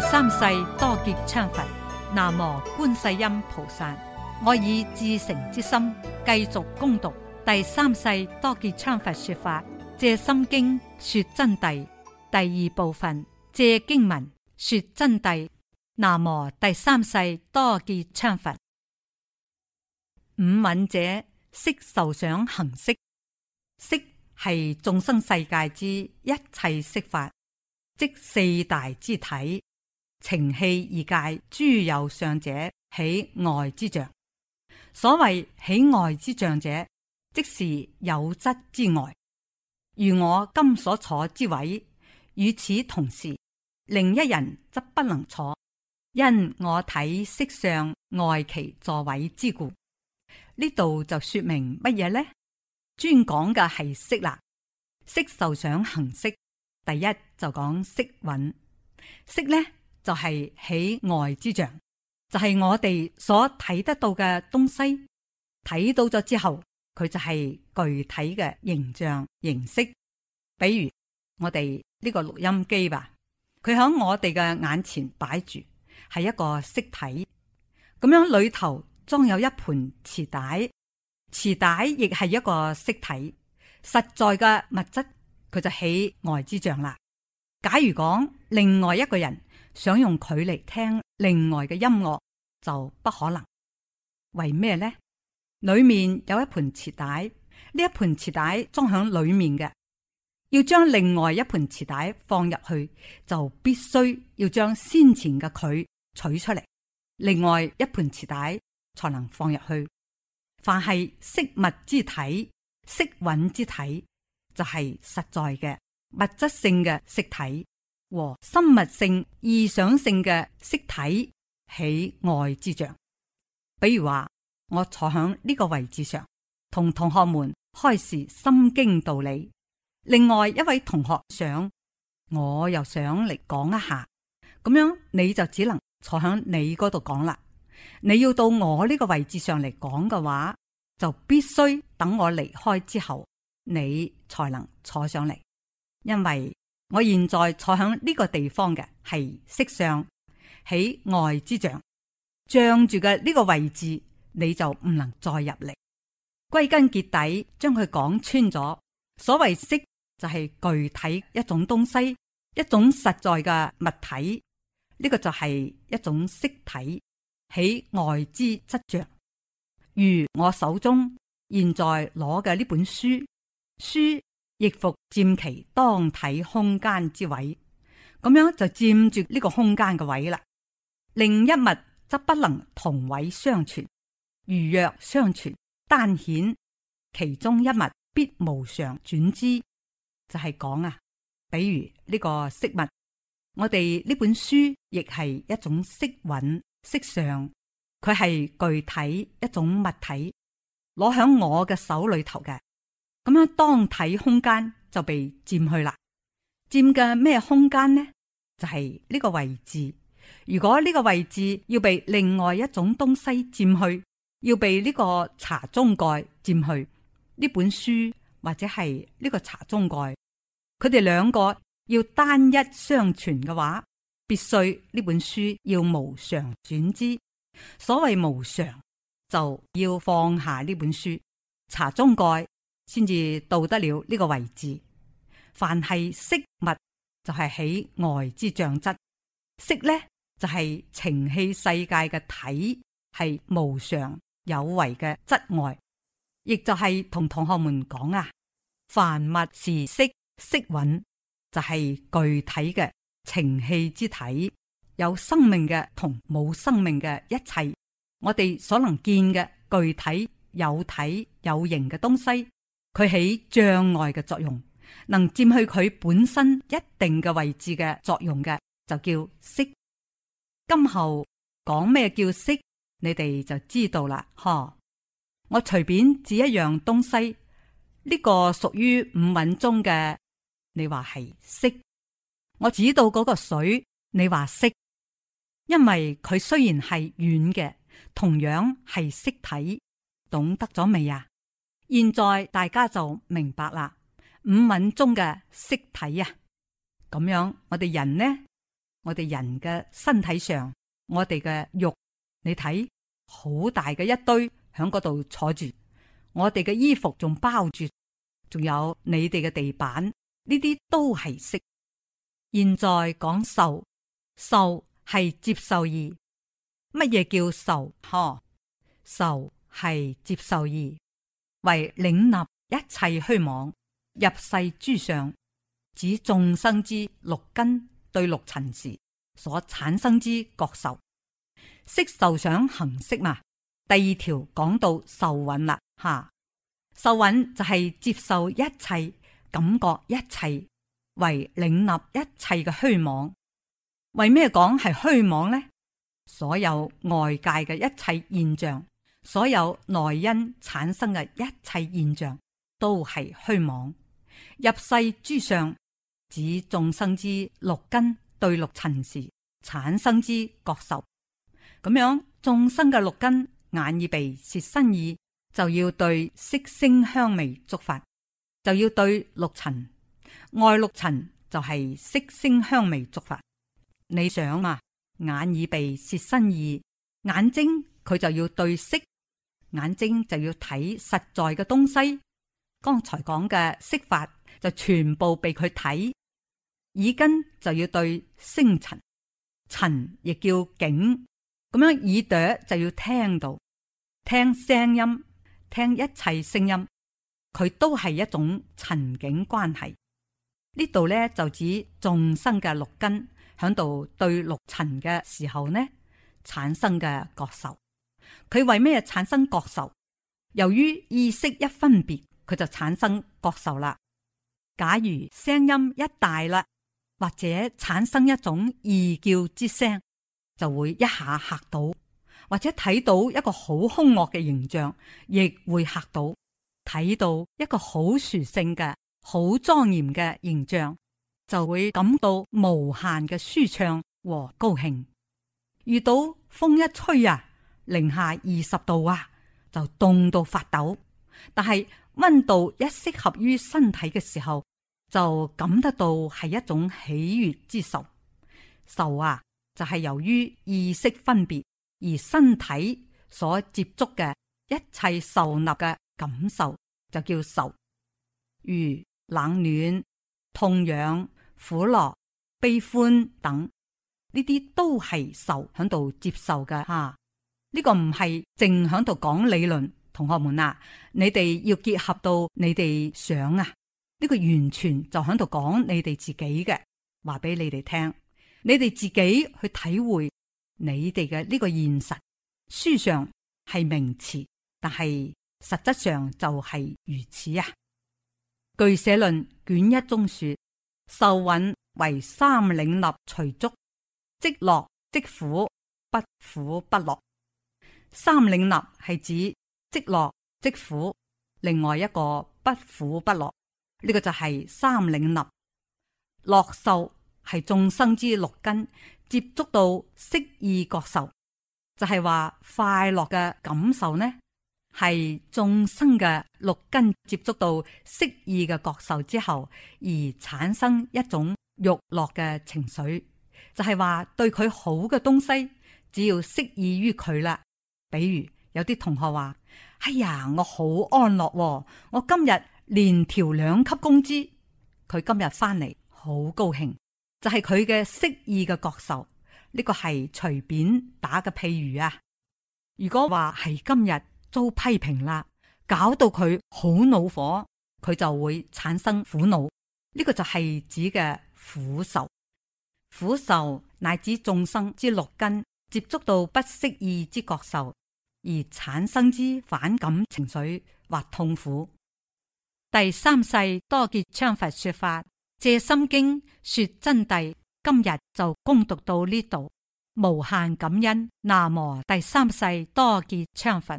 第三世多杰羌佛，南無觀世音菩薩。我以至誠之心繼續攻讀第三世多杰羌佛說法《藉心經》說真諦第二部分《藉經文說真諦》，南無第三世多杰羌佛。五蘊者，色受想行識。色係眾生世界之一切色法，即四大之體。情氣而界，諸有上者喜外之象。所謂喜外之象者，即是有質之外。如我今所坐之位，與此同時，另一人則不能坐，因我睇色相礙其座位之故。呢度就說明乜嘢呢？專講嘅係色啦，色受想行識，第一就講色蘊色呢。就係喜外之象，就係、是、我哋所睇得到嘅東西，睇到咗之後，佢就係具體嘅形象形式。比如我哋呢個錄音機吧，佢喺我哋嘅眼前擺住，係一個色體。咁樣裏頭裝有一盤磁帶，磁帶亦係一個色體，實在嘅物質，佢就喜外之象啦。假如講另外一個人。想用佢嚟聽另外嘅音樂，就不可能，為咩呢？裏面有一盤磁帶，呢一盤磁帶裝響裏面嘅，要將另外一盤磁帶放入去，就必須要將先前嘅佢取出嚟，另外一盤磁帶才能放入去。凡係色物之體、色蘊之體，就係、是、實在嘅物質性嘅色體。和生物性、意想性嘅色體喜愛之象，比如話我坐響呢個位置上，同同學們開示心經道理。另外一位同學想，我又想嚟講一下，咁樣你就只能坐響你嗰度講啦。你要到我呢個位置上嚟講嘅話，就必須等我離開之後，你才能坐上嚟，因為。我現在坐響呢個地方嘅係色相喺外之象，障住嘅呢個位置你就唔能再入嚟。歸根結底，將佢講穿咗，所謂色就係、是、具體一種東西，一種實在嘅物體，呢、這個就係一種色體喺外之質象。如我手中現在攞嘅呢本書，書。亦復佔其當體空間之位，咁樣就佔住呢個空間嘅位啦。另一物則不能同位相存，如若相存，單顯其中一物必無常轉之。就係、是、講啊，比如呢個色物，我哋呢本書亦係一種色蘊色相，佢係具體一種物體，攞響我嘅手裏頭嘅。咁樣當體空間就被佔去啦，佔嘅咩空間呢？就係呢個位置。如果呢個位置要被另外一種東西佔去，要被呢個茶盅蓋佔去，呢本書或者係呢個茶盅蓋，佢哋兩個要單一相傳嘅話，必須呢本書要無常轉之。所謂無常，就要放下呢本書，茶盅蓋。先至到得了呢個位置。凡係色物就係、是、喜外之象質。色呢，就係、是、情氣世界嘅體，係無常有為嘅質外，亦就係同同學們講啊，凡物是色，色蘊就係、是、具體嘅情氣之體，有生命嘅同冇生命嘅一切，我哋所能見嘅具體有體有形嘅東西。佢起障礙嘅作用，能佔去佢本身一定嘅位置嘅作用嘅，就叫色。今後講咩叫色，你哋就知道啦。嗬，我隨便指一樣東西，呢個屬於五蘊中嘅，你話係色。我指到嗰個水，你話色，因為佢雖然係軟嘅，同樣係色體，懂得咗未啊？現在大家就明白啦，五蘊中嘅色體啊，咁樣我哋人呢，我哋人嘅身體上，我哋嘅肉，你睇好大嘅一堆喺嗰度坐住，我哋嘅衣服仲包住，仲有你哋嘅地板，呢啲都係色。現在講受，受係接受義，乜嘢叫受？嗬，受係接受義。為領納一切虛妄，入世諸相，指眾生之六根對六塵時所產生之覺受，色受想行識嘛。第二條講到受蘊啦，吓，受蘊就係接受一切感覺，一切為領納一切嘅虛妄。為咩講係虛妄呢？所有外界嘅一切現象。所有內因產生嘅一切現象都係虛妄。入世諸相，指眾生之六根對六塵時產生之覺受。咁樣，眾生嘅六根眼耳鼻舌身意就要對色聲香味觸法，就要對六塵，愛六塵就係、是、色聲香味觸法。你想啊，眼耳鼻舌身意眼睛。佢就要對色，眼睛就要睇實在嘅東西，剛才講嘅色法就全部被佢睇。耳根就要對聲塵，塵亦叫景，咁樣耳朵就要聽到聽聲音，聽一切聲音，佢都係一種塵景關係。呢度咧就指眾生嘅六根喺度對六塵嘅時候呢，產生嘅覺受。佢為咩產生覺受？由於意識一分別，佢就產生覺受啦。假如聲音一大啦，或者產生一種異叫之聲，就會一下吓到；或者睇到一個好凶惡嘅形象，亦會吓到。睇到一個好殊勝嘅、好莊嚴嘅形象，就會感到無限嘅舒暢和高興。遇到風一吹呀、啊。零下二十度啊，就凍到發抖。但係温度一適合於身體嘅時候，就感得到係一種喜悅之受。受啊，就係、是、由於意識分別而身體所接觸嘅一切受納嘅感受，就叫受。如冷暖、痛癢、苦樂、悲歡等，呢啲都係受響度接受嘅吓。呢個唔係淨響度講理論，同學們啊，你哋要結合到你哋想啊。呢個完全就響度講你哋自己嘅話，俾你哋聽，你哋自己去體會你哋嘅呢個現實。書上係名詞，但係實質上就係如此啊。據寫論卷一中說，受蘊為三領立隨足，即樂、即苦、不苦不樂。三領納係指即樂即苦，另外一個不苦不樂呢、呢個就係三領納。樂受係眾生之六根接觸到適意覺受，就係、是、話快樂嘅感受呢，係眾生嘅六根接觸到適意嘅覺受之後而產生一種欲樂嘅情緒，就係、是、話對佢好嘅東西，只要適宜於佢啦。比如有啲同學話，哎呀，我好安樂、哦，我今日連調兩級工資，佢今日翻嚟好高興，就係佢嘅適意嘅樂受。呢、這個係隨便打嘅譬如啊。如果話係今日遭批評啦，搞到佢好惱火，佢就會產生苦惱。呢、這個就係指嘅苦受。苦受乃指眾生之六根接觸到不適意之樂受。而產生之反感情緒或痛苦。第三世多杰羌佛說法，借心經說真諦。今日就恭誦到呢度，無限感恩。南無第三世多杰羌佛。